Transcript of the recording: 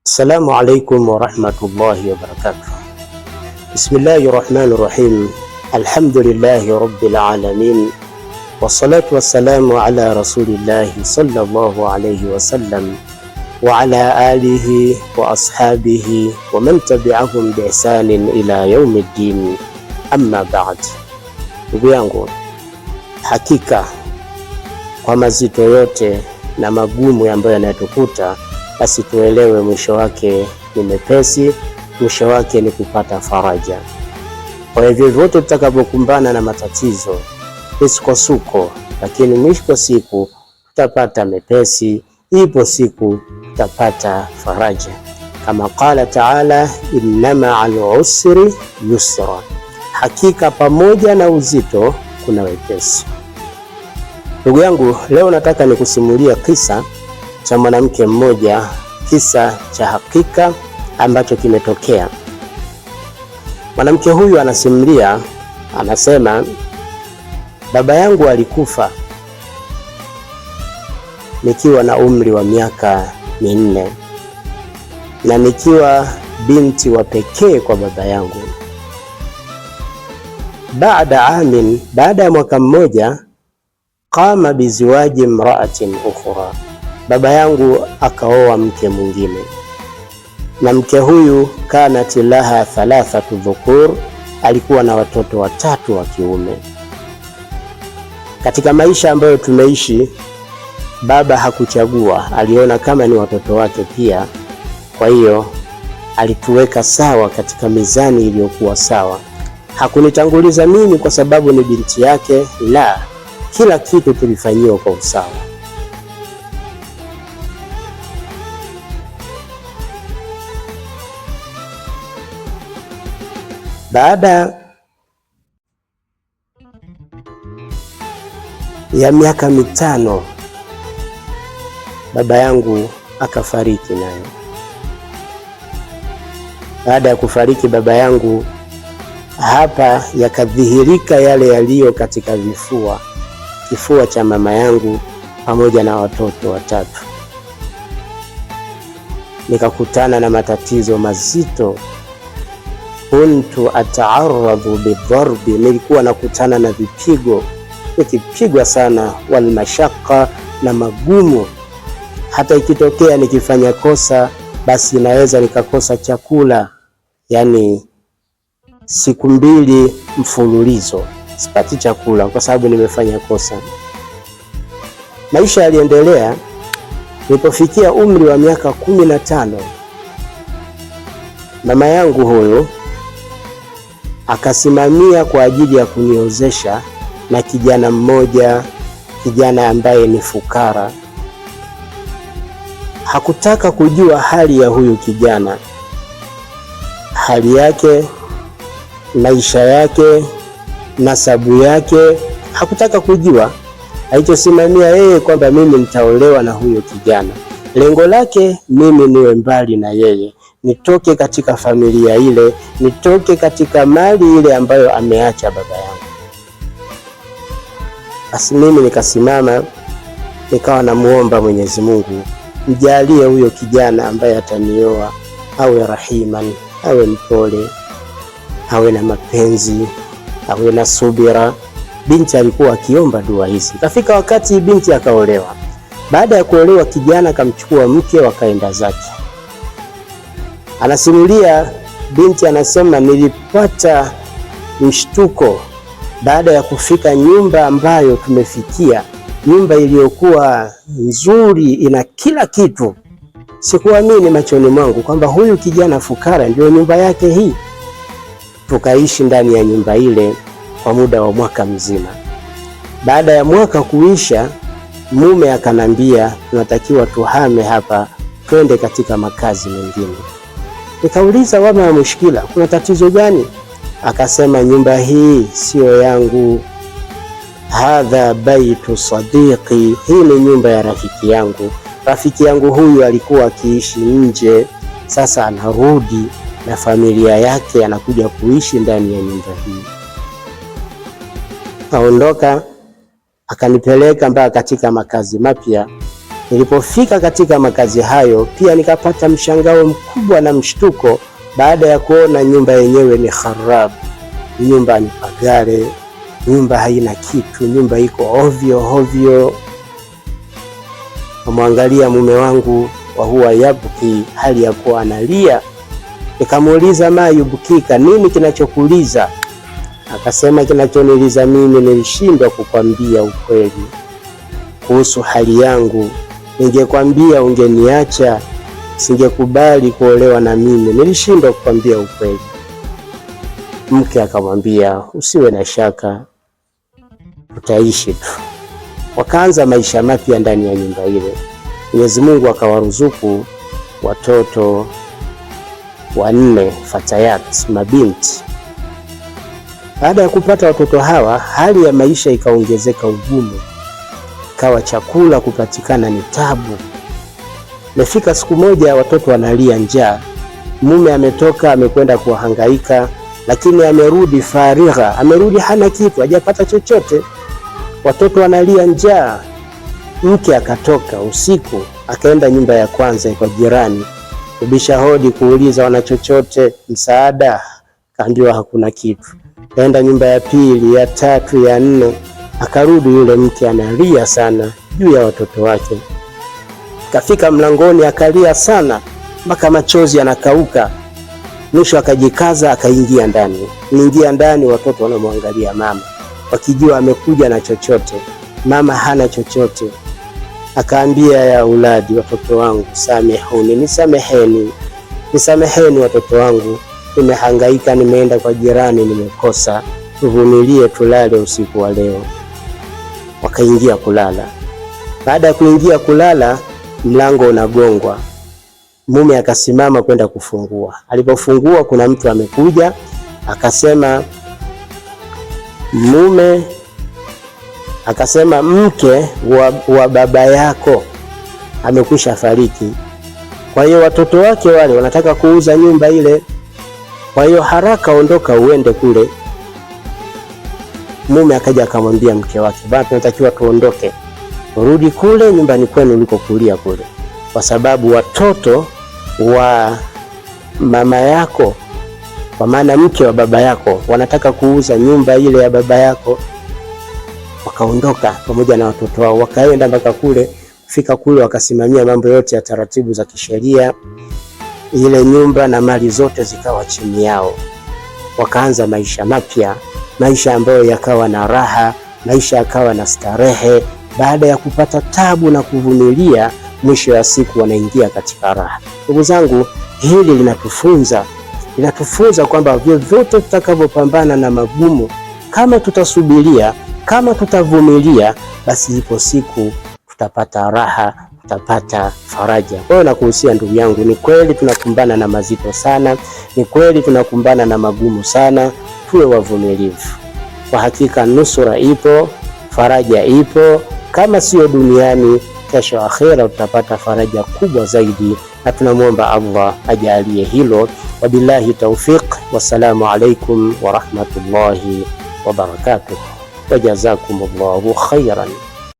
Assalamu alaikum warahmatullahi wabarakatuh. Bismillahi rahmani rahim. Alhamdulillahi rabbil alamin wassalatu wassalamu ala rasulillahi sallallahu alayhi wasallam wa ala alihi wa ashabihi wa man tabi'ahum bi ihsanin ila yaumiddin, amma ba'd. Ndugu yangu, hakika kwa mazito yote na magumu ambayo yanatukuta basi tuelewe mwisho wake ni mepesi, mwisho wake ni kupata faraja. Kwa hivyo vyote tutakapokumbana na matatizo, misukosuko, lakini mwisho wa siku tutapata mepesi, ipo siku tutapata faraja, kama qala taala, innama usri yusra, hakika pamoja na uzito kuna wepesi. Ndugu yangu, leo nataka nikusimulia kisa cha mwanamke mmoja, kisa cha hakika ambacho kimetokea. Mwanamke huyu anasimulia, anasema baba yangu alikufa nikiwa na umri wa miaka minne na nikiwa binti wa pekee kwa baba yangu. Baada amin, baada ya mwaka mmoja, qama biziwaji mraatin ukhra baba yangu akaoa mke mwingine, na mke huyu kanat laha thalathatu dhukur, alikuwa na watoto watatu wa kiume. Katika maisha ambayo tumeishi, baba hakuchagua, aliona kama ni watoto wake pia. Kwa hiyo alituweka sawa katika mizani iliyokuwa sawa. Hakunitanguliza mimi kwa sababu ni binti yake, la, kila kitu tulifanyiwa kwa usawa. baada ya miaka mitano baba yangu akafariki naye. Baada ya kufariki baba yangu, hapa yakadhihirika yale yaliyo katika vifua, kifua cha mama yangu pamoja na watoto watatu. Nikakutana na matatizo mazito kuntu ataaradhu bidharbi, nilikuwa nakutana na vipigo, nikipigwa sana, walmashaqa, na magumu. Hata ikitokea nikifanya kosa, basi naweza nikakosa chakula, yani siku mbili mfululizo sipati chakula kwa sababu nimefanya kosa. Maisha yaliendelea. Nilipofikia umri wa miaka kumi na tano, mama yangu huyu akasimamia kwa ajili ya kuniozesha na kijana mmoja, kijana ambaye ni fukara. Hakutaka kujua hali ya huyu kijana, hali yake, maisha yake, nasabu yake, hakutaka kujua. Alichosimamia yeye kwamba mimi nitaolewa na huyo kijana, lengo lake mimi niwe mbali na yeye nitoke katika familia ile, nitoke katika mali ile ambayo ameacha baba yangu. Basi mimi nikasimama nikawa namuomba Mwenyezi Mungu, mjalie huyo kijana ambaye atanioa awe rahiman, awe mpole, awe na mapenzi, awe na subira. Binti alikuwa akiomba dua hizi. Kafika wakati binti akaolewa. Baada ya kuolewa, kijana akamchukua mke, wakaenda zake. Anasimulia binti anasema, nilipata mshtuko baada ya kufika nyumba ambayo tumefikia, nyumba iliyokuwa nzuri, ina kila kitu. Sikuamini machoni mwangu kwamba huyu kijana fukara ndio nyumba yake hii. Tukaishi ndani ya nyumba ile kwa muda wa mwaka mzima. Baada ya mwaka kuisha, mume akanambia tunatakiwa tuhame hapa, twende katika makazi mengine. Nikauliza, wama wa Mushikila, kuna tatizo gani? Akasema, nyumba hii siyo yangu, hadha baitu sadiqi, hii ni nyumba ya rafiki yangu. Rafiki yangu huyu alikuwa akiishi nje, sasa anarudi na familia yake, anakuja kuishi ndani ya nyumba hii. Kaondoka akanipeleka mpaka katika makazi mapya Nilipofika katika makazi hayo pia nikapata mshangao mkubwa na mshtuko baada ya kuona nyumba yenyewe ni kharab nyumba ni pagare, nyumba haina kitu, nyumba iko ovyo ovyo. Namwangalia mume wangu wa huwa yabuki, hali ya kuwa analia. Nikamuuliza, ma yubukika, nini kinachokuliza? Akasema, kinachoniliza mimi, nilishindwa kukwambia ukweli kuhusu hali yangu. Ningekwambia ungeniacha, singekubali kuolewa na mimi, nilishindwa kukwambia ukweli. Mke akamwambia usiwe na shaka, utaishi tu. Wakaanza maisha mapya ndani ya nyumba ile. Mwenyezi Mungu akawaruzuku watoto wanne fatayat mabinti. Baada ya kupata watoto hawa, hali ya maisha ikaongezeka ugumu ikawa chakula kupatikana ni tabu. Imefika siku moja watoto wanalia njaa, mume ametoka amekwenda kuwahangaika, lakini amerudi farigha, amerudi hana kitu, hajapata chochote. Watoto wanalia njaa. Mke akatoka usiku akaenda nyumba ya kwanza kwa jirani kubisha hodi, kuuliza wana chochote msaada, kaambiwa hakuna kitu. Kaenda nyumba ya pili, ya tatu, ya nne Akarudi yule mke analia sana juu ya watoto wake. Kafika mlangoni akalia sana mpaka machozi yanakauka. Mwisho akajikaza akaingia ndani. Kuingia ndani, watoto wanamwangalia mama wakijua amekuja na chochote. Mama hana chochote. Akaambia, ya uladi, watoto wangu, samehuni, nisameheni, nisameheni watoto wangu, nimehangaika, nimeenda kwa jirani, nimekosa, tuvumilie, tulale usiku wa leo wakaingia kulala. Baada ya kuingia kulala, mlango unagongwa, mume akasimama kwenda kufungua. Alipofungua kuna mtu amekuja, akasema mume akasema mke wa, wa baba yako amekwisha fariki, kwa hiyo watoto wake wale wanataka kuuza nyumba ile, kwa hiyo haraka ondoka uende kule Mume akaja akamwambia mke wake, bwana, tunatakiwa tuondoke, urudi kule nyumbani kwenu ulikokulia kule, kwa sababu watoto wa mama yako, kwa maana mke wa baba yako, wanataka kuuza nyumba ile ya baba yako. Wakaondoka pamoja na watoto wao, wakaenda mpaka kule. Fika kule, wakasimamia mambo yote ya taratibu za kisheria, ile nyumba na mali zote zikawa chini yao, wakaanza maisha mapya maisha ambayo yakawa na raha, maisha yakawa na starehe. Baada ya kupata tabu na kuvumilia, mwisho ya siku wanaingia katika raha. Ndugu zangu, hili linatufunza linatufunza kwamba vyovyote tutakavyopambana na magumu, kama tutasubiria, kama tutavumilia, basi ipo siku tutapata raha utapata faraja. Kwa hiyo nakuhusia ndugu yangu, ni kweli tunakumbana na mazito sana, ni kweli tunakumbana na magumu sana, tuwe wavumilivu. Kwa hakika nusura ipo, faraja ipo, kama sio duniani, kesho akhera tutapata faraja kubwa zaidi, na tunamwomba Allah ajalie hilo. Wabillahi taufiq, wassalamu alaikum warahmatullahi wabarakatuh, wajazakumullahu khairan.